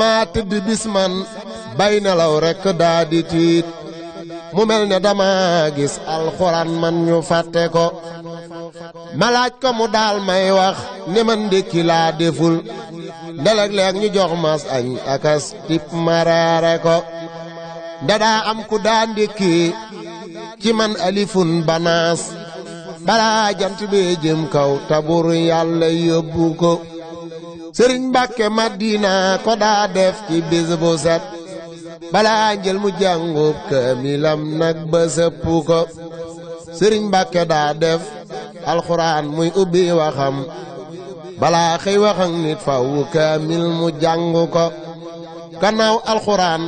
maa tëdd bis man bay nelaw rekk daa di tiit mu mel ne dama alxuraan man ñu fàtte ko ma laaj ko mu daal may wax ne man ndékki laa deful ndeleg-leeg ñu jox mas añ akas tip maraare ko ndadaa am ku daa ndékki ci man alifun banaas balaa bee jëm kaw tabur yàlla yóbbu ko sëriñ mbàkke madina ko daa def ci bis balaa njël mu jàngub kaamilam nag ba sëpp ko sëriñ mbàkke daa def alxuraan muy ubbi waxam balaa xëy waxam nit faw kaamil mu jàng ko gannaaw alxuraan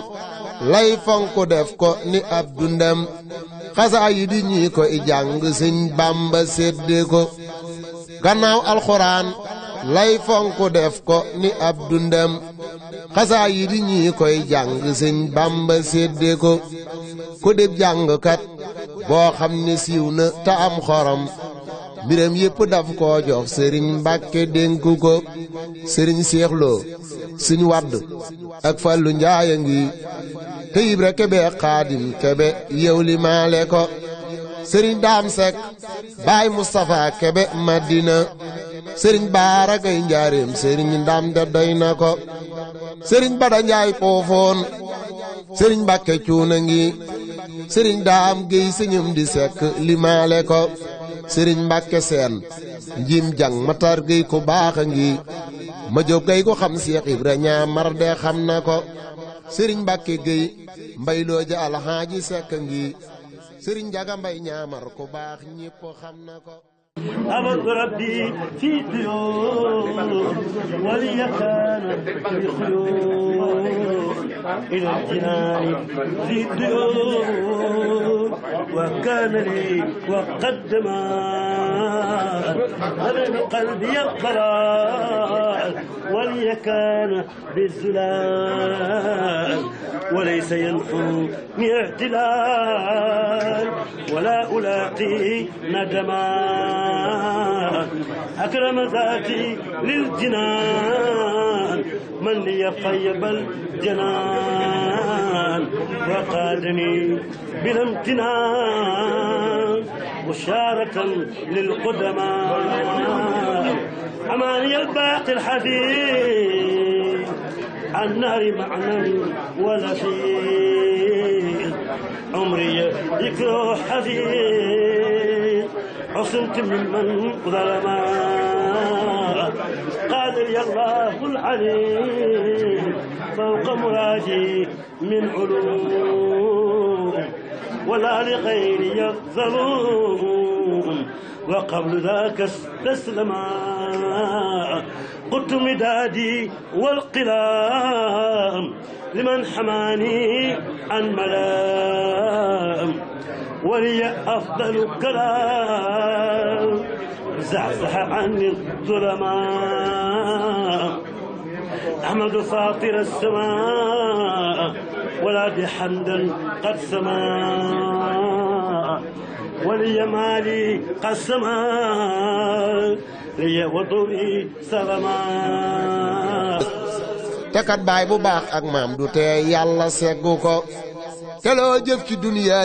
lay fonk def ko ni ab dundam xasaa yi di ñii ko i jàng sëñ bàmba sédde ko gannaaw alxuraan lay fonk def ko ni ab dundam xasaa yi di ñii koy jàng sëñ bàmba sédde ko ku dib jàngkat boo xam ne siiw na te am xorom mbiram yépp daf koo jox sëriñ mbàkke dénku ko sëriñ seexloo suñ wadd ak fallu njaaya ngi te ibra kebe xaadim kebe yew li maale ko sëriñ daam sek baay mustapha kebe madina sëriñ baara gay njaareem sëriñ ndam de doy na ko sëriñ bada njaay poofoon sëriñ mbàkke cuuna ngi sëriñ daam géy sëñëm di sekk limaale ko sëriñ mbàkke seen njiim jang matar géy ku baax a ngi ma jóob gay ko xam seex ibra ñaa mar de xam na ko sëriñ mbàkke géy mbaylooja alxaaji sekk ngi sëriñ njaga mbay ñaamar ku baax ñépp xam na ko أمرت ربي في الديون ولي كان بخيول إلى الجنان في الديون وكان لي وقدم أمام قلبي القرار ولي كان بالزلال وليس ينحو من اعتلال ولا ألاقي ندما أكرم ذاتي للجنان من لي طيب الجنان وقادني بلا امتنان مشاركا للقدماء أماني الباقي الحديث عن نهر معنن ولا شيء عمري ذكره حفيظ عصمت ممن ظلما قادر يا الله العليم فوق مرادي من علوم ولا لغير يظلوم وقبل ذاك استسلما قلت مدادي والقلام لمن حماني عن ملام ولي أفضل كلام زحزح عني الظلماء أحمد فاطر السماء ولا حمدا قد سما ولي مالي قد سما لي وطري سلما te kat baay bu baax ak maam du tee yàlla seggu ko te loo jëf ci duniyaa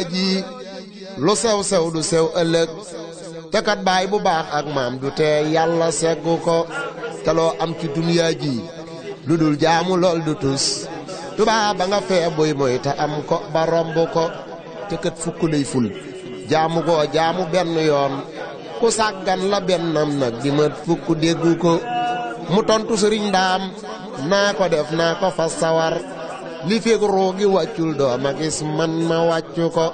lu sew sew du sew ëllëg te kat baay bu baax ak maam du tee yàlla seggu ko te loo am ci duniyaa lu dul jaamu lool du tus tubaa ba nga fee buy moy am ko ba romb ko te kat fukk lay ful jaamu goo jaamu benn yoon ku sàggan la bennam nag di mat fukk déggu ko mu tontu sëriñ ndaam naa ko def naa ko fas sawar li feeg roogi wàccul doo ma man ma wàccu ko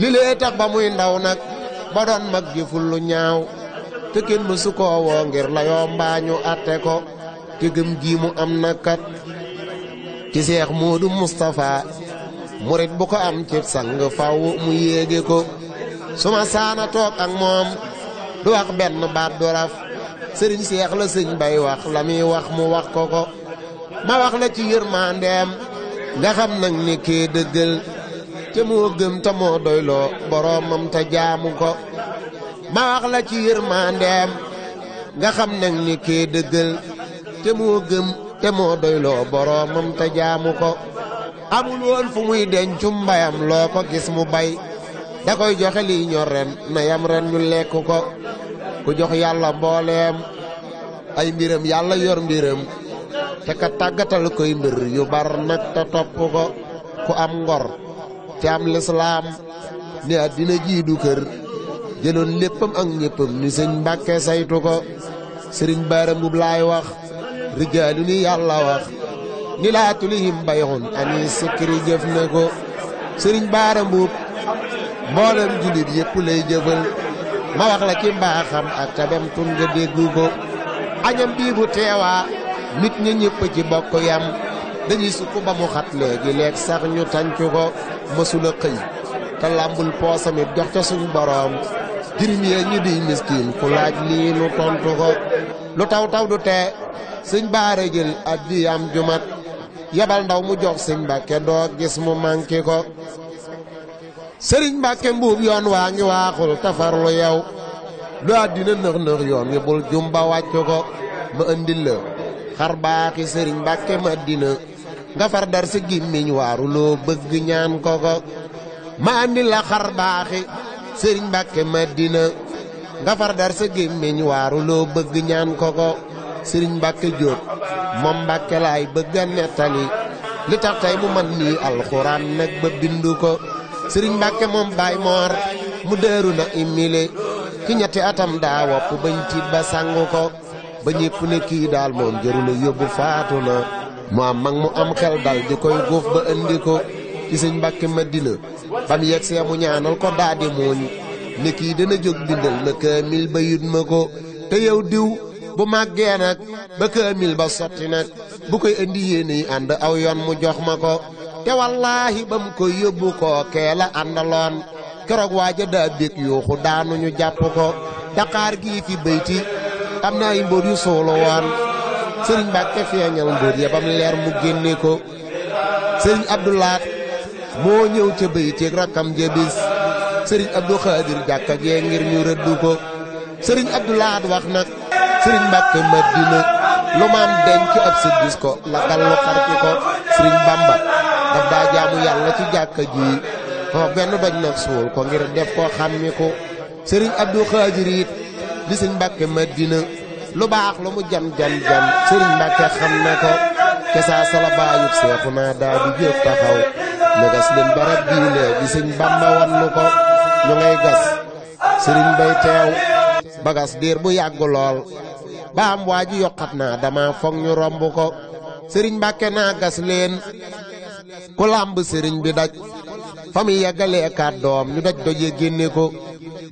li lee ba muy ndaw nag ba doon mag jëful lu ñaaw te kenn mësu koo woo ngir layoo mbaañu atte ko te gëm ji mu am na ci seex Moodu Moustapha murit bu ko am ci sang faw mu yéege ko suma saana toog ak moom du wax benn baat du raf sëriñ seex la sëñ bay wax la muy wax mu wax ko ko ma wax la ci yërmandeem nga xam nag ni kee dëggal te moo gëm te moo doyloo boroomam te jaamu ko ma wax la ci yërmandeem nga xam nag ni kee dëggal te moo te moo doyloo boroomam te jaamu ko amul woon fu muy dencu mbayam loo ko gis mu bay da koy joxe lii ñor ren na yam ren ñu lekk ko ku jox yàlla mbooleem ay mbiram yàlla yor mbiram te ka tàggatal koy mbir yu bar nag te topp ko ku am ngor te am lislaam ne àddina jii du kër jëloon léppam ak ñéppam ni sëñ Mbàkke saytu ko sëriñ Baara Mbub laay wax rijaalu li yàlla wax ni laa tulihim bayxun ani sikkiri jëf na ko sëriñ baara mbuub mboolem jullit yëpp lay jëfal ma wax la ci mbaaxam ak tabem tun nga déggu ko añam bii bu teewaa nit ñi ñëpp ci bokk yam dañuy sukk ba mu xat léegi leeg sax ñu tàncu ko mësula xëy te làmbul poosamit jox ca suñ boroom jirim yee ñu di miskiin ku laaj lii tontu ko lu taw taw du tee sëñ baara jël addiyam ju mat yabal ndaw mu jox sëñ mbàkke doo gis mu manki ko sëriñ mbàkke mbuub yoon waa ngi waaxul tafarlu yow lu àddina nëx nëx yoon wi bul jumba wàccu ko ma andil xar baaxi sëriñ mbàkke ma dina nga far dar sa gimmiñ waaru loo bëgg ñaan ko ko ma andil xar baaxi sëriñ mbàkke ma dina nga far dar sa gimmiñ waaru loo bëgg ñaan ko ko sëriñ Mbàkke Jóob moom Mbàkke laay bëgg a nettali li tax tey mu man nii alxuraan nag ba bindu ko sëriñ Mbàkke moom baay moor mu dëeru na immile ki ñetti atam daa wopp bañ tiit ba sangu ko ba ñépp ne daal moom jërula yóbbu faatu na mu am mu am xel dal di koy góof ba indi ko ci sëñ Mbàkke Madina ba mu yegsee mu ñaanal ko daa di muuñ ne dana jóg bindal ma kaamil bayit ma ko te yow bu màggee nag ba kaamil ba sotti nag bu koy indi yéene ànd aw yoon mu jox ma ko te wallaahi ba mu koy yóbbu koo kee la àndaloon keroog waaja daa bég yuuxu daanuñu jàpp ko daqaar gii fi béyti am na ay mbóot yu suulu woon sëriñ Mbàkke feeñal mbóot ya bam leer mu génne ko sëriñ Abdoulaat moo ñëw ca béyteeg rakkam jabis sëriñ Abdou Khadir jàkka jee ngir ñu rëddu ko sëriñ Abdoulaat wax nag sëriñ Mbàkke Madina lu maam denc ab si gis ko lakkal lu xar ci ko sëriñ Bamba daf daa yàlla ci jàkka ji foo benn doj nag suul ko ngir def ko xàmmi ko sëriñ Abdou Xaadir it di sëriñ Mbàkke Madina lu baax lu mu jam jam jam sëriñ Mbàkke xam na ko ca saa sala baayub seexu naa daa di jóg taxaw ñu gas leen barab bii di sëriñ Bamba wan ko ñu ngay gas sëriñ bay teew bagas diir bu yàgg lool ba am waa ji yokkat naa dama foog ñu romb ko sëriñ mbàkke naa gas leen ku làmb sëriñ bi daj fa mu yeggalee kàddoom ñu daj doje génne ko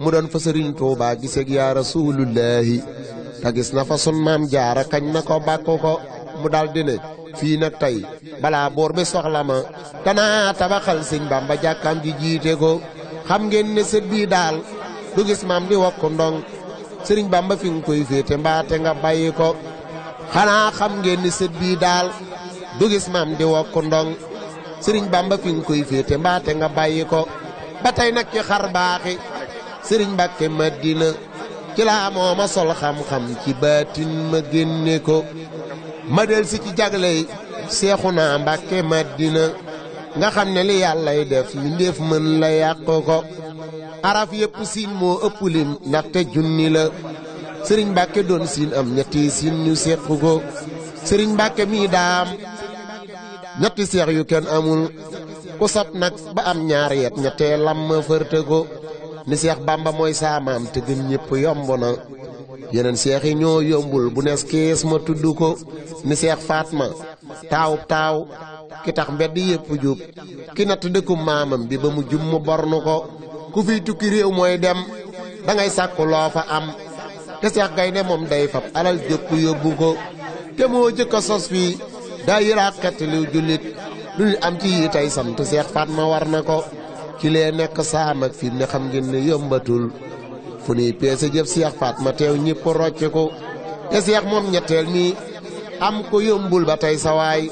mu doon fa sëriñ tuubaa giseeg yaa rasulullahi te gis na fa sun maam jaara kañ na ko bàkk ko mu daldi di ne fii nag tey balaa boor bi soxla ma danaa tabaxal sëñ bamba jàkkam ji jiite ko xam ngeen ne bii daal du gis maam di wokk ndong sëriñ Bamba fi nga koy féete mbaate nga bàyyi ko xanaa xam ngeen ni sët bii daal du gis maam di wokk ndong sëriñ Bamba fi nga koy féete mbaate nga bàyyi ko ba tey nag ci xar baaxi sëriñ Mbàkke Madina ci laa ma sol xam-xam ci baatin ma génne ko ma del si ci jagley seexu naa Mbàkke Madina nga xam ne li yàllay def li ndéef mën la yàq ko araf yépp siin moo ëpp lim ndaxte junni la sëriñ Mbàkke doon siin am ñetti siin ñu seq ko sëriñ Mbàkke mii daam ñetti seex yu ken amul ku sab nag ba am ñaar yet ñettee lamma fërte ko ni seex Bàmba mooy saamaam te gën ñépp yomb na yeneen seex yi ñoo yombul bu nees kees ma tudd ko ni seex Faatma taaw taaw ki tax mbedd yépp jub ki natt dëkku maamam bi ba mu jum mu bornu ko ku fiy tukki réew mooy dem da ngay sàkku fa am te Seex Gaynde moom day fab alal jëkku yóbbu ko te moo jëkk sos fii daa yëraat xettaliw jullit lu ñu am ci yi tey sant Seex Fatma war na ko ci lee nekk saamak ak fi ne xam ngeen ne yombatul fu nuy peese jëf Seex Fatma teew ñëpp rocc ko te Seex moom ñetteel mii am ko yombul ba tey sawaay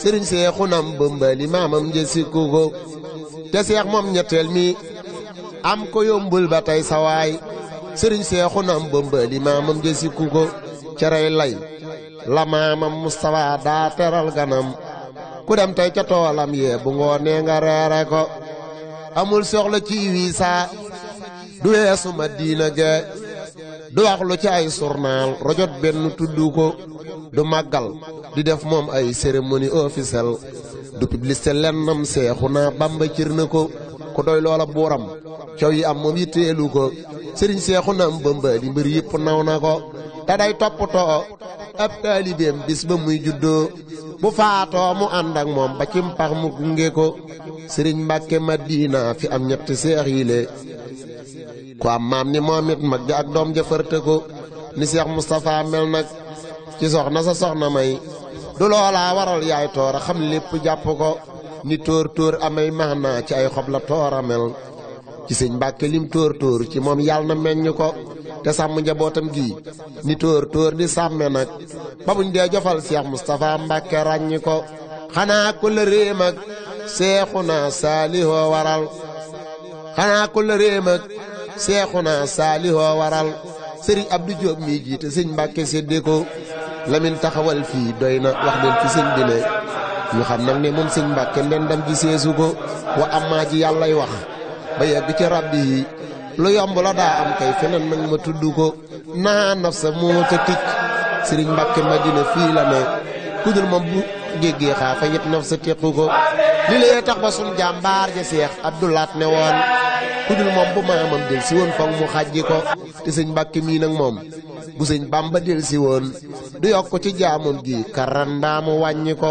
sëriñ Seexu nam bëmbali maamam jësikku ko te Seex moom ñetteel mii am ko yombul ba tey sawaay sëriñ seexu na am bëmbali maamam jësiku ko cerey lay la maamam Mustafa daa teral ganam ku dem tey ca toolam yee bu ngoonee nga reere ko amul soxla ci wiisa du weesu ma diina ge du wax ci ay journal rojot benn tudd ko du màggal di def moom ay cérémonie officielle du publicité lennam seexu na Bàmba cir na ko doy loola buuram coow yi am moom yitteelu ko sëriñ seexu naam bamba di mbir yëpp naw na ko te day toppatoo ab taalibeem bis ba muy juddoo bu faatoo mu ànd ak moom ba ci mpax mu gunge ko sëriñ mbàkke madina fi am ñetti seex yi le ku am maam ni moom it mag ak doom ja ko ni seex Moustapha mel nag ci soxna sa soxna may du loolaa waral yaay toora xam lépp jàpp ko ni tóor tóor amay max naa ci ay xob la toora mel ci sëñ Mbàkke lim tóor tóor ci moom yàlla na meññ ko te sàmm njabootam gi ni tóor tóor di sàmme nag ba buñ dee jofal Cheikh Moustapha Mbàkke ràññi ko xanaa ku la réem ak Seexuna Saalihoo waral xanaa ku réem ak Seexuna Saalihoo waral Sëriñ Abdou Diop mii jiite sëñ Mbàkke séddee ko lamin taxawal fii doy na wax leen ci sëñ bi ñu xam nag ne moom sëñ Mbàkke ndendam gi seesu ko wa amaa ji yàllay wax ba yegg ci rabbi yi lu yomb la daa am kay feneen nag ma tudd ko naa naf sa moo ca tic sëriñ Mbàkke Madina fii ne ku dul moom bu jéggee xaafa yit naf sa tequ ko li tax ba sun jàmbaar ja seex abdulaat ne woon ku moom bu maamam del si woon foog mu xajji ko te sëñ Mbàkke mii nag moom bu sëñ Bàmba del si woon du yokk ci jaamam gi karandaamu wàññi ko